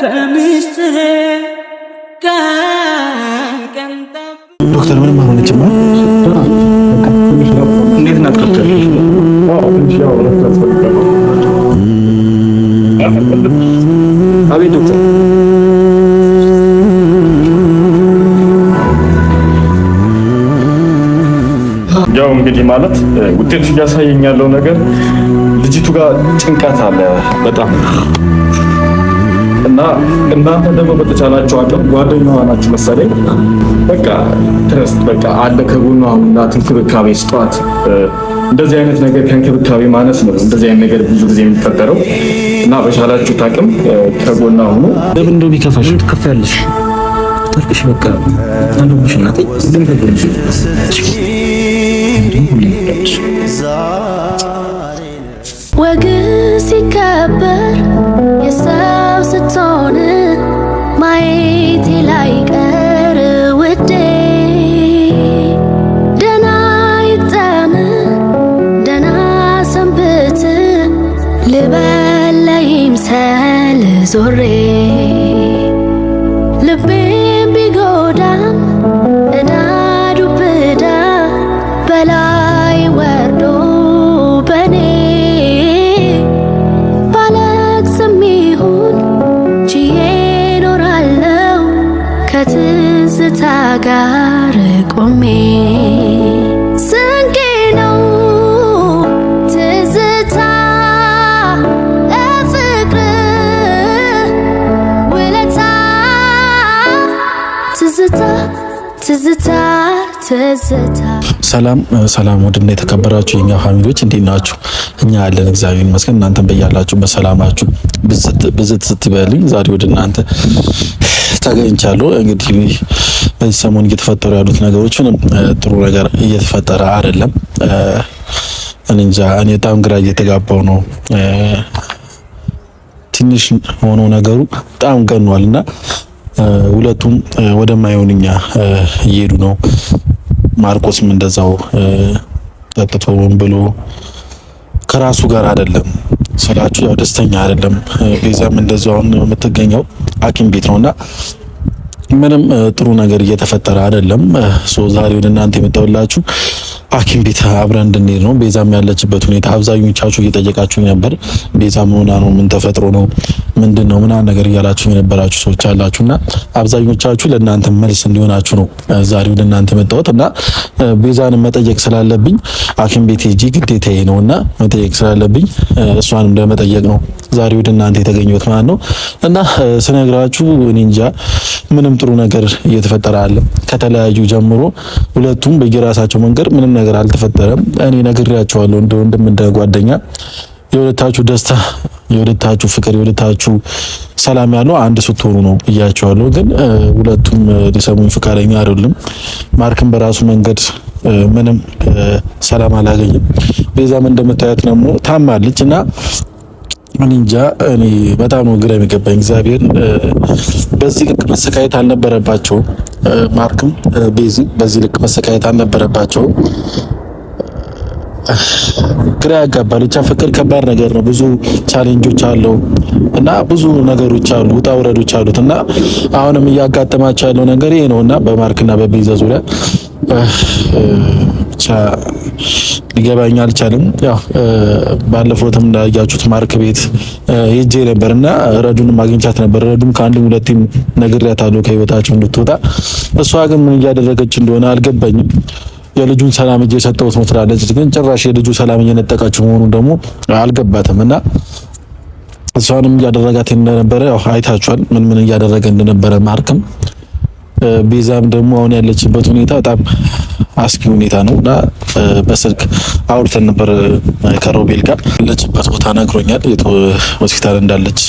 ከምስጥር ዶክተር ምንም አልሆነችም። እንዴት ናት አቤት ዶክተር ያው እንግዲህ ማለት ውጤቱ እያሳየኝ ያለው ነገር ልጅቱ ጋር ጭንቀት አለ በጣም እና እናንተ ደግሞ በተቻላችሁ አቅም ጓደኛዋ ናችሁ መሰለኝ። በቃ ትረስት በቃ አለ ከጎኗ ሁላት እንክብካቤ ስጧት። እንደዚህ አይነት ነገር ከእንክብካቤ ማነስ ነው እንደዚህ አይነት ነገር ብዙ ጊዜ የሚፈጠረው እና በቻላችሁ ታቅም ከጎኗ ሁኑ። ለምን እንደው ቢከፋሽ ያለሽ ታርቅሽ በቃ አንዱሽ እናቴ ግን ተጎንሽ ወግ ሲከበር ቤተሰብ ስትሆን ማየቴ ላይቀር ውዴ ደና ይግጠም ደና ሰንብት ልበል ለይምሰል ዞሬ ትዝታ ትዝታ ሰላም ሰላም፣ ወድና የተከበራችሁ የኛ ፋሚሊዎች እንዴት ናችሁ? እኛ ያለን እግዚአብሔር ይመስገን፣ እናንተን በያላችሁ በሰላማችሁ ብዝት ስትበልኝ ዛሬ ወደ እናንተ ተገኝቻለሁ። እንግዲህ በዚህ ሰሞን እየተፈጠሩ ያሉት ነገሮችን ጥሩ ነገር እየተፈጠረ አይደለም። እንጃ እኔ በጣም ግራ እየተጋባው ነው። ትንሽ ሆኖ ነገሩ በጣም ገኗል እና ሁለቱም ወደማይሆንኛ እየሄዱ ነው። ማርቆስም እንደዛው ጠጥቶ ብሎ ከራሱ ጋር አይደለም ስላችሁ፣ ያው ደስተኛ አይደለም። ቤዛም እንደዛው አሁን የምትገኘው ሐኪም ቤት ነውና ምንም ጥሩ ነገር እየተፈጠረ አይደለም። ሶ ዛሬ ወደ እናንተ የመጣሁላችሁ ሐኪም ቤት አብረን እንድንሄድ ነው። ቤዛም ያለችበት ሁኔታ አብዛኞቻችሁ እየጠየቃችሁኝ ነበር። ቤዛ ሆና ነው? ምን ተፈጥሮ ነው? ምንድን ነው ምናምን ነገር እያላችሁ የነበራችሁ ሰዎች አላችሁ እና አብዛኞቻችሁ ለእናንተ መልስ እንዲሆናችሁ ነው ዛሬ ወደ እናንተ መጣሁት እና ቤዛንም መጠየቅ ስላለብኝ ሐኪም ቤት ሄጄ ግዴታዬ ነው እና መጠየቅ ስላለብኝ እሷንም ለመጠየቅ ነው ዛሬ ወደ እናንተ የተገኘሁት ማለት ነው። እና ስነግራችሁ እኔ እንጃ ምንም ጥሩ ነገር እየተፈጠረ አለ ከተለያዩ ጀምሮ ሁለቱም በየራሳቸው መንገድ ምንም ነገር አልተፈጠረም። እኔ ነግሬያቸዋለሁ እንደ ወንድም እንደ ጓደኛ የወደታችሁ ደስታ፣ የወደታችሁ ፍቅር፣ የወደታችሁ ሰላም ያለው አንድ ስትሆኑ ነው ብያቸዋለሁ። ግን ሁለቱም ሊሰሙን ፍቃደኛ አይደሉም። ማርክም በራሱ መንገድ ምንም ሰላም አላገኝም። ቤዛም እንደምታያት ደግሞ ታማለች እና እንጃ እኔ በጣም ነው ግራ የሚገባኝ። እግዚአብሔር በዚህ ልክ መሰቃየት አልነበረባቸውም። ማርክም ቤዚ በዚህ ልክ መሰቃየት አልነበረባቸውም። ግራ ያጋባል። ብቻ ፍቅር ከባድ ነገር ነው። ብዙ ቻሌንጆች አለው እና ብዙ ነገሮች አሉ፣ ውጣ ውረዶች አሉት እና አሁንም እያጋጠማቸው ያለው ነገር ይሄ ነው እና በማርክና በቤዛ ዙሪያ ብቻ ሊገባኝ አልቻለም። ያው ባለፈውትም እንዳያችሁት ማርክ ቤት ሄጄ ነበርና እና ረዱንም አግኝቻት ነበር። ረዱም ከአንድም ሁለቴም ነግሬያታለሁ ከህይወታቸው እንድትወጣ። እሷ ግን ምን እያደረገች እንደሆነ አልገባኝም። የልጁን ሰላም እየሰጠሁት ነው ግን ጭራሽ የልጁ ሰላም እየነጠቃችሁ መሆኑን ደግሞ አልገባትም እና እሷንም እያደረጋት እንደነበረ ያው አይታችኋል፣ ምን ምን እያደረገ እንደነበረ ማርክም ቤዛም ደግሞ አሁን ያለችበት ሁኔታ በጣም አስጊ ሁኔታ ነው እና በስልክ አውርተን ነበር ከሮቤል ጋር ያለችበት ቦታ ነግሮኛል፣ ሆስፒታል እንዳለች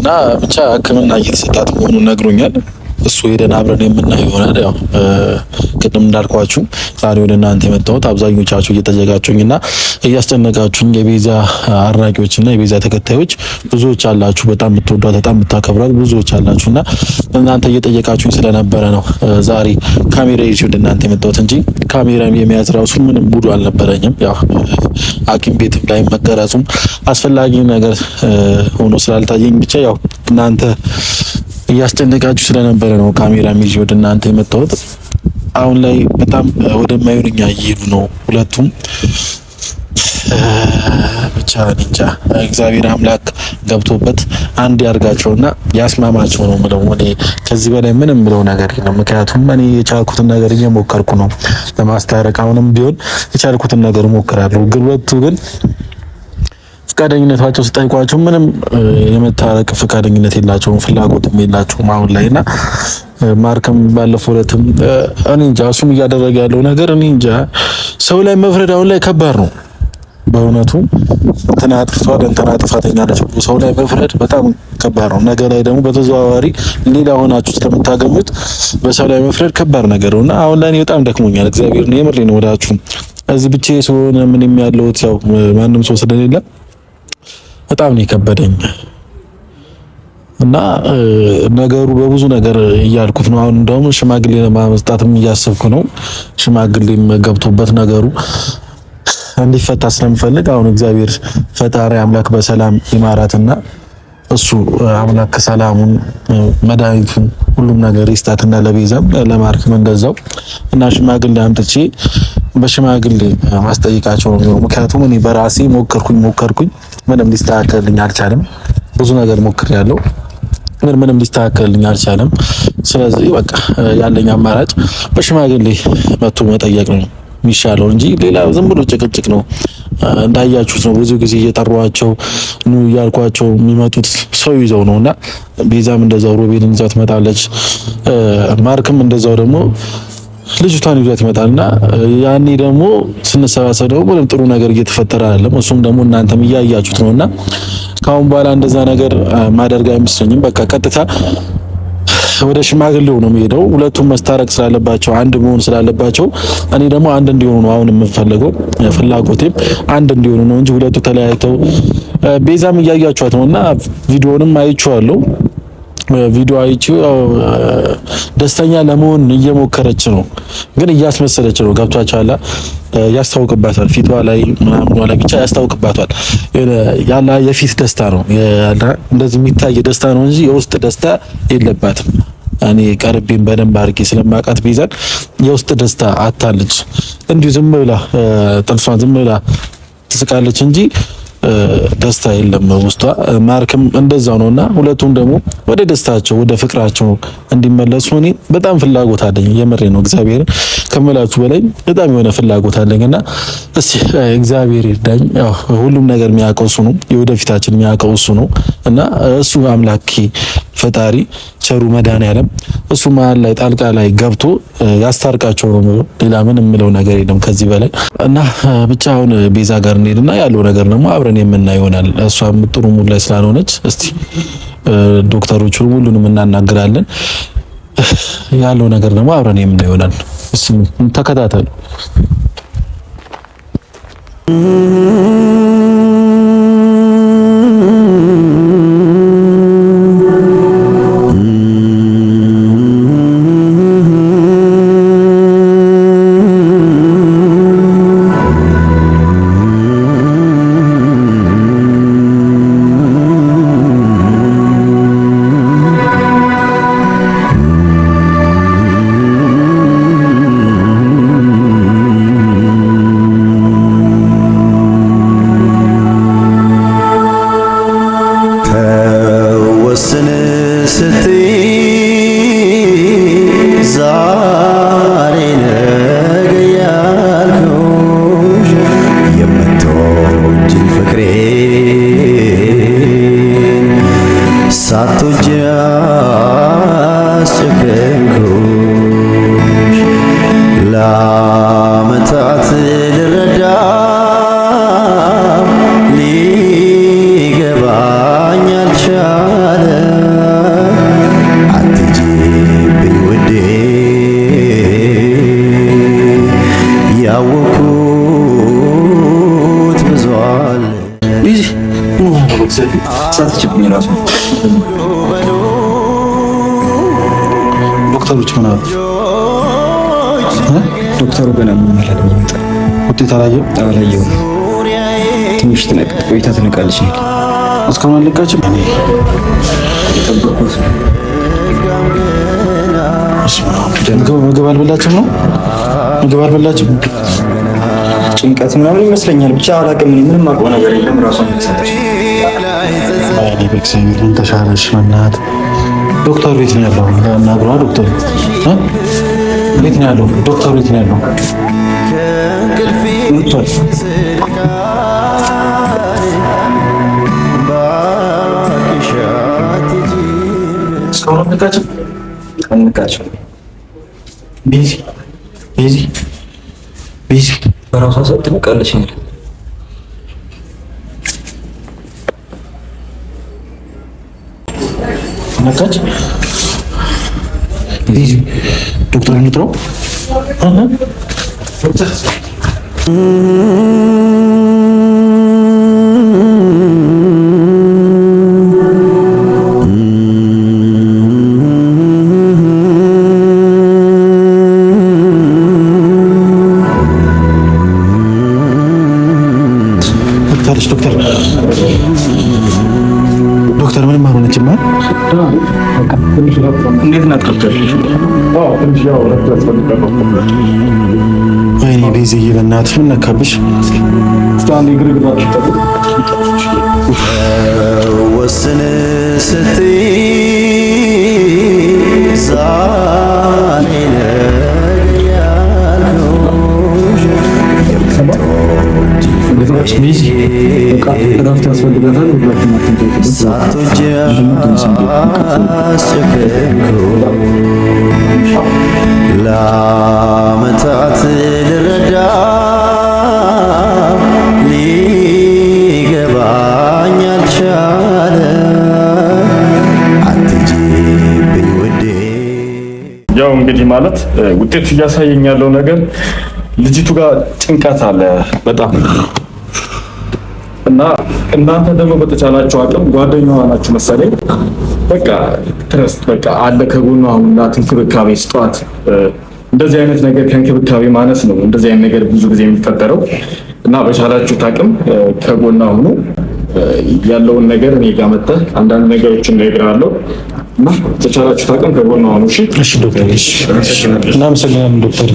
እና ብቻ ሕክምና እየተሰጣት መሆኑን ነግሮኛል። እሱ ሄደን አብረን የምናየው ይሆናል። ያው ቅድም እንዳልኳችሁ ዛሬ ወደ እናንተ የመጣሁት አብዛኞቻችሁ እየጠየቃችሁኝና እያስጨነቃችሁኝ የቤዛ አድናቂዎችና የቤዛ ተከታዮች ብዙዎች አላችሁ፣ በጣም የምትወዷት በጣም የምታከብራት ብዙዎች አላችሁና እናንተ እየጠየቃችሁኝ ስለነበረ ነው ዛሬ ካሜራ ይዤ ወደ እናንተ የመጣሁት እንጂ ካሜራ የመያዝ ራሱ ምንም ቡዱ አልነበረኝም። ያው ሐኪም ቤትም ላይ መቀረጹም አስፈላጊ ነገር ሆኖ ስላልታየኝ ብቻ ያው እናንተ እያስጨነቃችሁ ስለነበረ ነው ካሜራ ይዤ ወደ እናንተ የመጣሁት። አሁን ላይ በጣም ወደማይሆንኛ እየሄዱ ነው ሁለቱም። ብቻ እንጃ እግዚአብሔር አምላክ ገብቶበት አንድ ያርጋቸውና ያስማማቸው ነው ምለው። እኔ ከዚህ በላይ ምንም ምለው ነገር የለም። ምክንያቱም እኔ የቻልኩትን ነገር እየሞከርኩ ነው ለማስታረቅ። አሁንም ቢሆን የቻልኩትን ነገር ሞክራለሁ። ግን ግን ፈቃደኝነታቸው ስጠይቋቸው ምንም የመታረቅ ፈቃደኝነት የላቸውም፣ ፍላጎትም የላቸውም አሁን ላይ እና ማርከም ባለፈው ዕለትም እኔ እንጃ እሱም እያደረገ ያለው ነገር እኔ እንጃ። ሰው ላይ መፍረድ አሁን ላይ ከባድ ነው በእውነቱ እንትና አጥፍቷል እንትና ብሎ ሰው ላይ መፍረድ በጣም ከባድ ነው። ነገ ላይ ደግሞ በተዘዋዋሪ ሌላ ሆናችሁ ስለምታገኙት በሰው ላይ መፍረድ ከባድ ነገር ነውና አሁን ላይ በጣም ደክሞኛል። እግዚአብሔር ነው የምሬ ነው። ወዳችሁ እዚህ ብቻ ስሆነ ምንም ያለሁት ያው ማንም ሰው ስለሌለ በጣም ነው የከበደኝ እና ነገሩ በብዙ ነገር እያልኩት ነው። አሁን እንደውም ሽማግሌ ለማመጣትም እያሰብኩ ነው። ሽማግሌም ገብቶበት ነገሩ እንዲፈታ ስለምፈልግ አሁን እግዚአብሔር ፈጣሪ አምላክ በሰላም ይማራትና እሱ አምላክ ሰላሙን መድኃኒቱን ሁሉም ነገር ይስጣትና ለቤዛም ለማርክም እንደዛው እና ሽማግሌ አምጥቼ በሽማግሌ ማስጠይቃቸው ነው። ምክንያቱም እኔ በራሴ ሞከርኩኝ ሞከርኩኝ ምንም ሊስተካከልልኝ አልቻለም። ብዙ ነገር ሞክሬያለሁ፣ ምን ምንም ሊስተካከልልኝ አልቻለም። ስለዚህ በቃ ያለኝ አማራጭ በሽማግሌ መጥቶ መጠየቅ ነው። የሚሻለው እንጂ ሌላ ዝም ብሎ ጭቅጭቅ ነው። እንዳያችሁት ነው ብዙ ጊዜ እየጠሯቸው ኑ እያልኳቸው የሚመጡት ሰው ይዘው ነው እና ቤዛም እንደዛው ሮቤልን ይዛ ትመጣለች። ማርክም እንደዛው ደግሞ ልጅቷን ይዟት ይመጣልና ያኔ ደግሞ ስንሰባሰብ ደግሞ ምንም ጥሩ ነገር እየተፈጠረ አይደለም። እሱም ደግሞ እናንተም እያያችሁት ነውና ከአሁን በኋላ እንደዛ ነገር ማደርግ አይመስለኝም። በቃ ቀጥታ ወደ ሽማግሌው ነው የሚሄደው። ሁለቱም መስታረቅ ስላለባቸው አንድ መሆን ስላለባቸው እኔ ደግሞ አንድ እንዲሆኑ ነው አሁን የምፈልገው። ፍላጎቴም አንድ እንዲሆኑ ነው እንጂ ሁለቱ ተለያይተው ቤዛም እያያችኋት ነውና ቪዲዮንም አይቼዋለሁ። ቪዲዮ አይቼ ደስተኛ ለመሆን እየሞከረች ነው፣ ግን እያስመሰለች ነው። ገብቷችኋል? ያስታውቅባታል፣ ፊቷ ላይ ምናምን ላይ ብቻ ያስታውቅባታል። ያላ የፊት ደስታ ነው እንደዚህ የሚታይ ደስታ ነው እንጂ የውስጥ ደስታ የለባትም። እኔ ቀርቤን በደንብ አድርጌ ስለማውቃት ቢዛን የውስጥ ደስታ አታለች። እንዲሁ ዝም ብላ ጥርሷን ዝም ብላ ትስቃለች እንጂ ደስታ የለም ውስጧ። ማርክም እንደዛው ነው እና ሁለቱም ደግሞ ወደ ደስታቸው ወደ ፍቅራቸው እንዲመለሱ እኔ በጣም ፍላጎት አለኝ። የምሬ ነው እግዚአብሔርን ከምላችሁ በላይ በጣም የሆነ ፍላጎት እና እስቲ እግዚአብሔር ይርዳኝ። ሁሉም ነገር የሚያውቀው እሱ ነው፣ የወደፊታችን የሚያውቀው እሱ ነው እና እሱ አምላኬ ፈጣሪ ቸሩ ያለም እሱ መሀል ላይ ጣልቃ ላይ ገብቶ ያስታርቃቸው ነው ሌላ ምን የምለው ነገር የለም ከዚህ በላይ እና ብቻ አሁን ቤዛ ጋር እንሄድና ያለው ነገር ደግሞ አብረን አብረን የምና ይሆናል። እሷም ጥሩ ሙድ ላይ ስላልሆነች እስቲ ዶክተሮቹን ሁሉንም እናናግራለን። ያለው ነገር ደግሞ አብረን የምና ይሆናል። እስቲ ተከታተሉ። አልቻለ አትጅብኝ ውዴ ያወኩት ብዙል ዶክተሮች ምን አሉ? ዶክተሩ ገና የሚመለድ ውጤት አላየው አላየው። ትንሽ ትነቅ ቆይታ ትነቃለች ነው እስካሁን አልለቃችም። እኔ ምግብ አልበላችም ነው ምግብ አልበላችም። ጭንቀት ምናምን ይመስለኛል። ብቻ አላውቅም። ምንም አውቀው ነገር የለም። ራሷን ቤተሰቤቱን ተሻለሽ መናት ዶክተር ቤት ነው ያለው። ናግሯ ዶክተር ቤት ነው ያለው። ዶክተር ቤት ነው ያለው። እስካሁን እንካቸው እንካቸው ቢዚ ቢዚ ቢዚ በራሷ ሰው ትንቃለች ነው ነካች። ቢዚ ዶክተር እንጥረው ወይኔ ቤዝዬ በእናትሽ ምን ነካብሽ? ወስን ስትይ ዛሬ ልጅ እረፍት ያስፈልጋታል። ሳቶጃ አስቸገርኩ ለአመታት ልረዳ ሊገባኝ አልቻለ። አትጅብኝ ውዴ። ያው እንግዲህ ማለት ውጤቱ እያሳየኝ ያለው ነገር ልጅቱ ጋር ጭንቀት አለ በጣም እና እናንተ ደግሞ በተቻላችሁ አቅም ጓደኛዋ ናችሁ መሰለኝ። በቃ ትረስት በቃ አለ ከጎኗ አሁን እናት እንክብካቤ ስጧት። እንደዚህ አይነት ነገር ከእንክብካቤ ማነስ ነው እንደዚህ አይነት ነገር ብዙ ጊዜ የሚፈጠረው እና በቻላችሁት አቅም ከጎና ሁኑ። ያለውን ነገር እኔ ጋር መጥተህ አንዳንድ ነገሮችን እነግርሃለሁ እና በቻላችሁት አቅም ከጎና ሁኑ። እሺ እሺ ዶክተር። እሺ፣ እናመሰግናለን ዶክተር።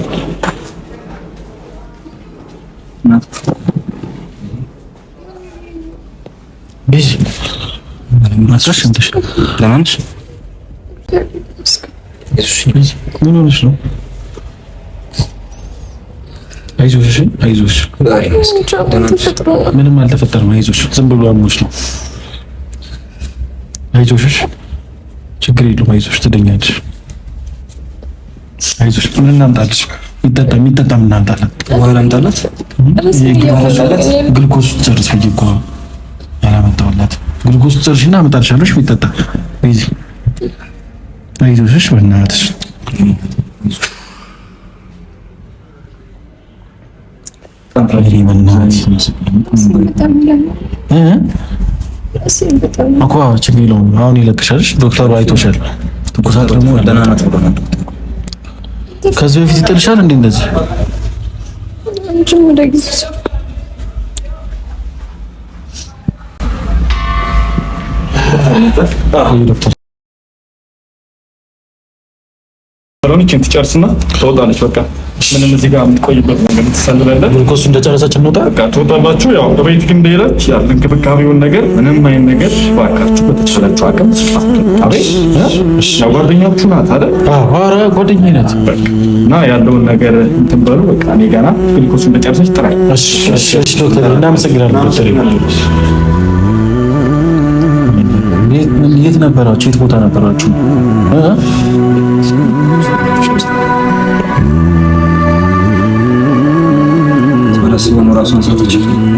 አይዞሽ አይዞሽ፣ ምንም አልተፈጠረም። አይዞሽ፣ ዝም ብሎ አሞሽ ነው። አይዞሽ፣ ችግር የለውም። አይዞሽ፣ ትደኛለሽ። አይዞሽ፣ ምን እናምጣልሽ? የሚጠጣ የሚጠጣ ምን እናምጣላት? ውሃ ግልኮስ ጨርስ ብዬሽ እኮ አላመጣሁላት። ግልጎስ ጥርሽና አመጣልሻለሽ የሚጠጣ ቤዚ አይዞሽ በእናትሽ እኮ ችግር የለውም። አሁን ዶክተሩ አይቶሻል። ትኩሳት ደግሞ ደህና ናት ከዚህ በፊት ይጥልሻል እንዴ እንደዚህ ዶክተር ትጨርስና ትወጣለች። በቃ ምንም እዚህ ጋር የምትቆይበት ነገር ትሰልበለን ኮሱ እንደጨረሰች እንወጣ በቃ ትወጣላችሁ። ያው እቤት ግን እንደሄዳች ያለ እንክብካቤውን ነገር ምንም አይነት ነገር ባካችሁ በተቻላችሁ አቅም ጓደኛችሁ ናት አይደል? ኧረ ጓደኛዬ ናት። እና ያለውን ነገር እንትን በሉ በቃ እኔ ገና ግልኮሱ እንደጨረሰች ጥራኝ። እሺ ዶክተር እናመሰግናለን ዶክተር የት ነበራችሁ? የት ቦታ ነበራችሁ? ራስ የሆነ ራሱን ሰጥች።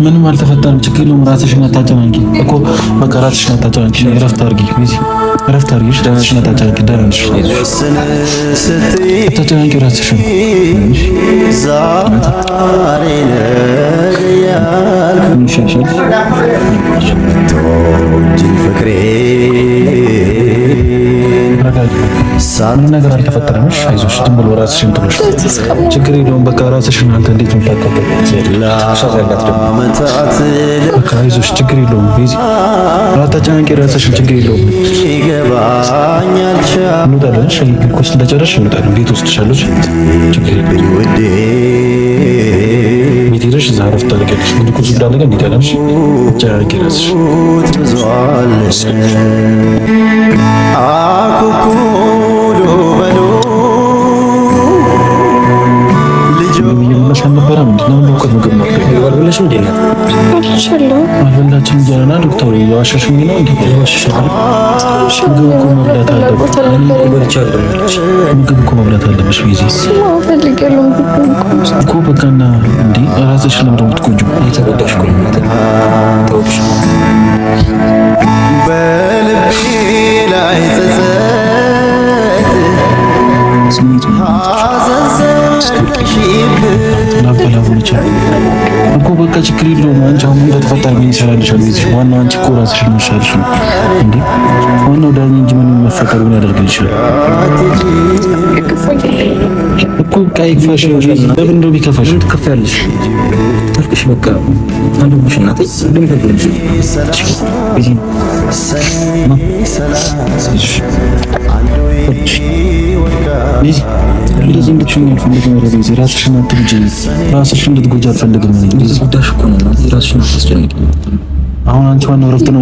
ምንም አልተፈጠረም፣ ችግር የለውም። ራስሽን አታጨናንቂ እኮ በቃ ራስሽን አታጨናንቂ። እረፍት አድርጊ፣ እረፍት አድርጊ። ራስሽን አታጨናንቂ፣ ደህና ነሽ። አታጨናንቂ ራስሽን። ምን ይሻልሻል? ተረጋጊ። ምንም ነገር አልተፈጠረም። እሺ አይዞሽ፣ ዝም ብሎ ራስሽን ትንሽ ችግር የለውም። በቃ ራስሽን አንተ እንዴት ነው አይዞሽ፣ ችግር የለውም። ቤዛ አታጨናንቂ ራስሽን፣ ችግር የለውም። ሄደሽ እዛ ረፍት ታደርጊያለሽ። እንዲህ ቁጭ ብላለሽ እንዲህ ታለሽ ጫቂ አልበላችም እያለ ነው ዶክተሩ። እየዋሸሽኝ ነው እንዴ? እየዋሸሽ ምግብ እኮ መብላት አለብሽ። ምግብ እኮ መብላት አለብሽ። ቤዛ እኮ በቃ እንዴ ራስሽን ለምንድን ነው የተጎዳሽ እኮ ነው። በልቤ እኮ በቃ ችግር የለውም። አንቺ አሁን እንደተፈጠረ ምን ይሰራልሻል? ቤትሽ ዋናው አንቺ እኮ ራስሽ ነው ይሻልሽ ነው እንዴ? ዋናው ዳኒ እንጂ ምን መፈጠሩ ምን ያደርግልሻል እኮ። በቃ ይክፋሽ ለምን እንደው ቢከፋሽ ታልቅሽ በቃ አለብሽ እናቴ ልምፈልግሽ እንደዚህ ራስሽ ነው አሁን አንቺ ዋናው እረፍት ነው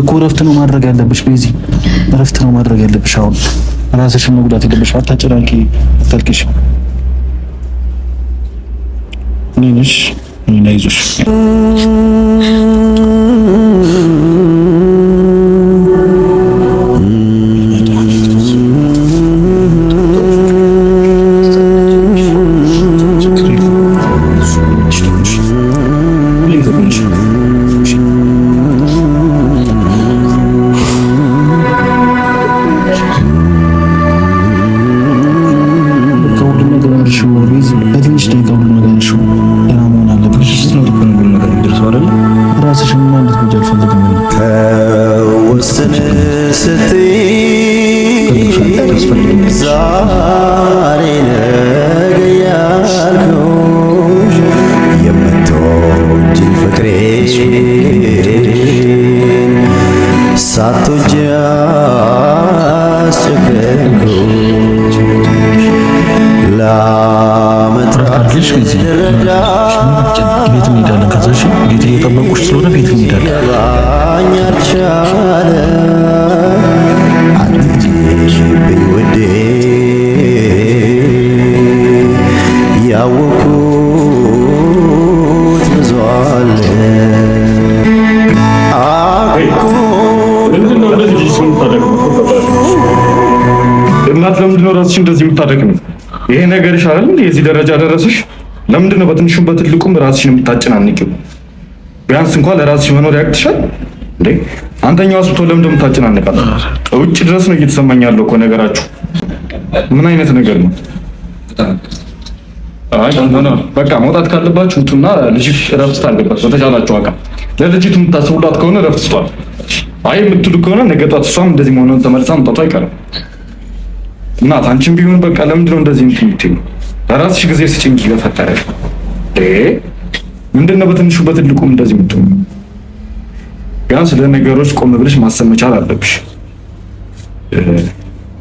እኮ እረፍት ነው ማድረግ ያለብሽ። በዚህ እረፍት ነው ማድረግ ያለብሽ። አሁን ራስሽን መጉዳት የለብሽ። አታጨናንቂ፣ አታልቅሽ። እኔ ነሽ እና ይዞሽ ያወኩት ብዙ አለ እናት ለምንድን ነው ራስሽ እንደዚህ የምታደክም? ይሄ ነገር አይደል እንዴ የዚህ ደረጃ ደረሰሽ ለምንድን ነው በትንሹም በትልቁም ራስሽን የምታጨናንቂው? ቢያንስ እንኳን ለራስሽ መኖር ያቅትሻል እንዴ? አንተኛው አስብቶ ነው እንደምታጨናንቃት ውጭ ድረስ ነው እየተሰማኝ ያለው እኮ ነገራችሁ። ምን አይነት ነገር ነው? በቃ መውጣት ካለባችሁ ውጡና ልጅሽ እረፍት ታድርግባት። በተቻላችሁ አቃ ለልጅቱ የምታስቡላት ከሆነ እረፍት ስጧል። አይ የምትሉ ከሆነ ነገ ጧት እሷም እንደዚህ መሆኑን ተመልሳ መምጣቷ አይቀርም። እናት አንቺም ቢሆን በቃ ለምንድን ነው እንደዚህ የምትይው? ለራስሽ ጊዜ ስጪ እንጂ ለፈጠረ ምንድን ነው በትንሹ በትልቁም እንደዚህ የምትሆኑ? ቢያንስ ለነገሮች ቆም ብለሽ ማሰብ መቻል አለብሽ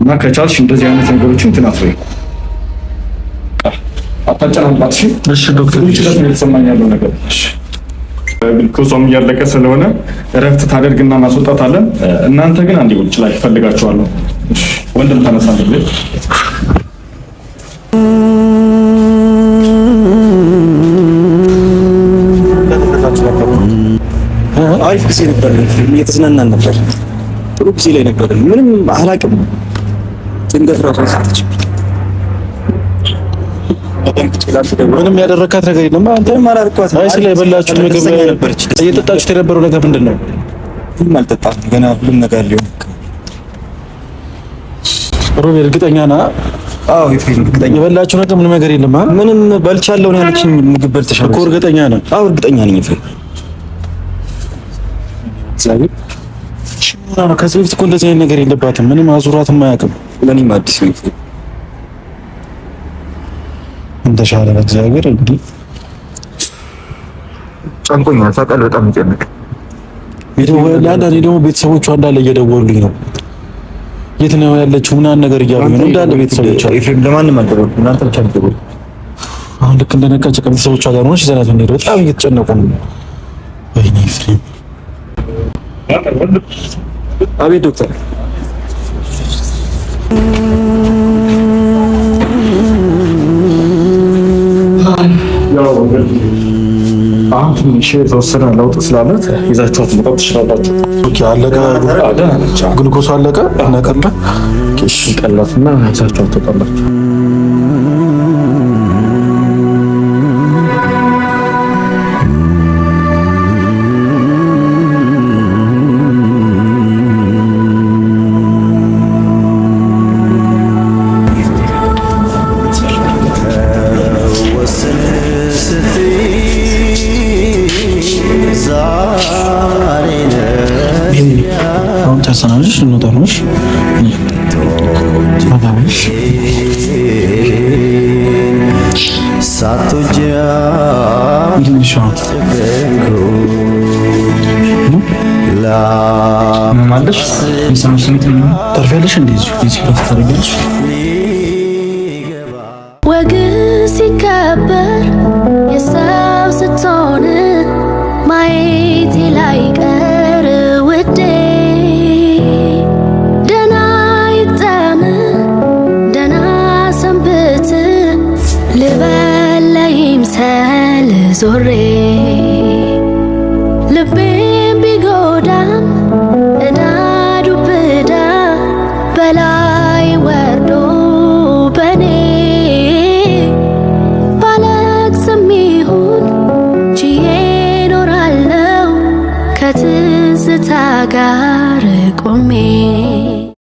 እና ከቻልሽ እንደዚህ አይነት ነገሮች ትናት ወይ አታጨናንባት። እሺ ዶክተር፣ የተሰማኝ ያለው ነገር ግልኮሶም እያለቀ ስለሆነ እረፍት ታደርግና እናስወጣታለን እናንተ ግን አንዴ ውጭ ላይ ፈልጋችኋለሁ። ወንድም ተነሳለ አሪፍ ጊዜ ነበር። እየተዝናናን ነበር። ጥሩ ጊዜ ላይ ነበር። ምንም አላውቅም። ድንገት ራሷን ሳተችብኝ ምንም ያደረካት ነገር የለም። አንተ አላደረኳት። አይ ስለ የበላችሁት ምግብ እየጠጣችሁት የነበረው ነገር ምንድን ነው? ምንም አልጠጣም። ገና ሁሉም ነገር ሊሆን ሮቤ፣ እርግጠኛ ነህ? አዎ ይፈይም እርግጠኛ። የበላችሁ ነገር ምንም ነገር የለም። ምንም በልቻለሁ ነው ያለችኝ። ምግብ በልተሻል እኮ እርግጠኛ ነህ? አዎ እርግጠኛ ነኝ። ይፈይም ስለዚህ ከዚህ በፊት እኮ እንደዚህ አይነት ነገር የለባትም። ምንም አዙራትም አያውቅም። ለኔም አዲስ ነው። እንተሻለ በእግዚአብሔር እንግዲህ ጨንቆኛል። ሳውቃለሁ በጣም ይጨንቅ ይደወላል። እኔ ደግሞ ቤተሰቦቿ እንዳለ እየደወሉልኝ ነው። የት ነው ያለችው ምናምን ነገር እያሉኝ ነው እንዳለ ቤተሰቦቿ። ኤፍሬም ለማንም አልደወልኩም፣ እናንተ ብቻ አልደወልኩም። አሁን ልክ እንደነቃች ከቤተሰቦቿ ጋር ሆነች ዘናት እንሄድ። በጣም እየተጨነቁ ነው። ወይኔ ኤፍሬም። አቤት ዶክተር ያው አሁን ትንሽ የተወሰነ ለውጥ ስላለት ይዛችኋት መጣት ትችላላችሁ። አለቀ ግልኮሱ አለቀ ነቀለ ቀላትና ይዛችኋት ትወጣላችሁ። የሚሰማሽ ስሜት ነው። ተርፌልሽ እንደዚህ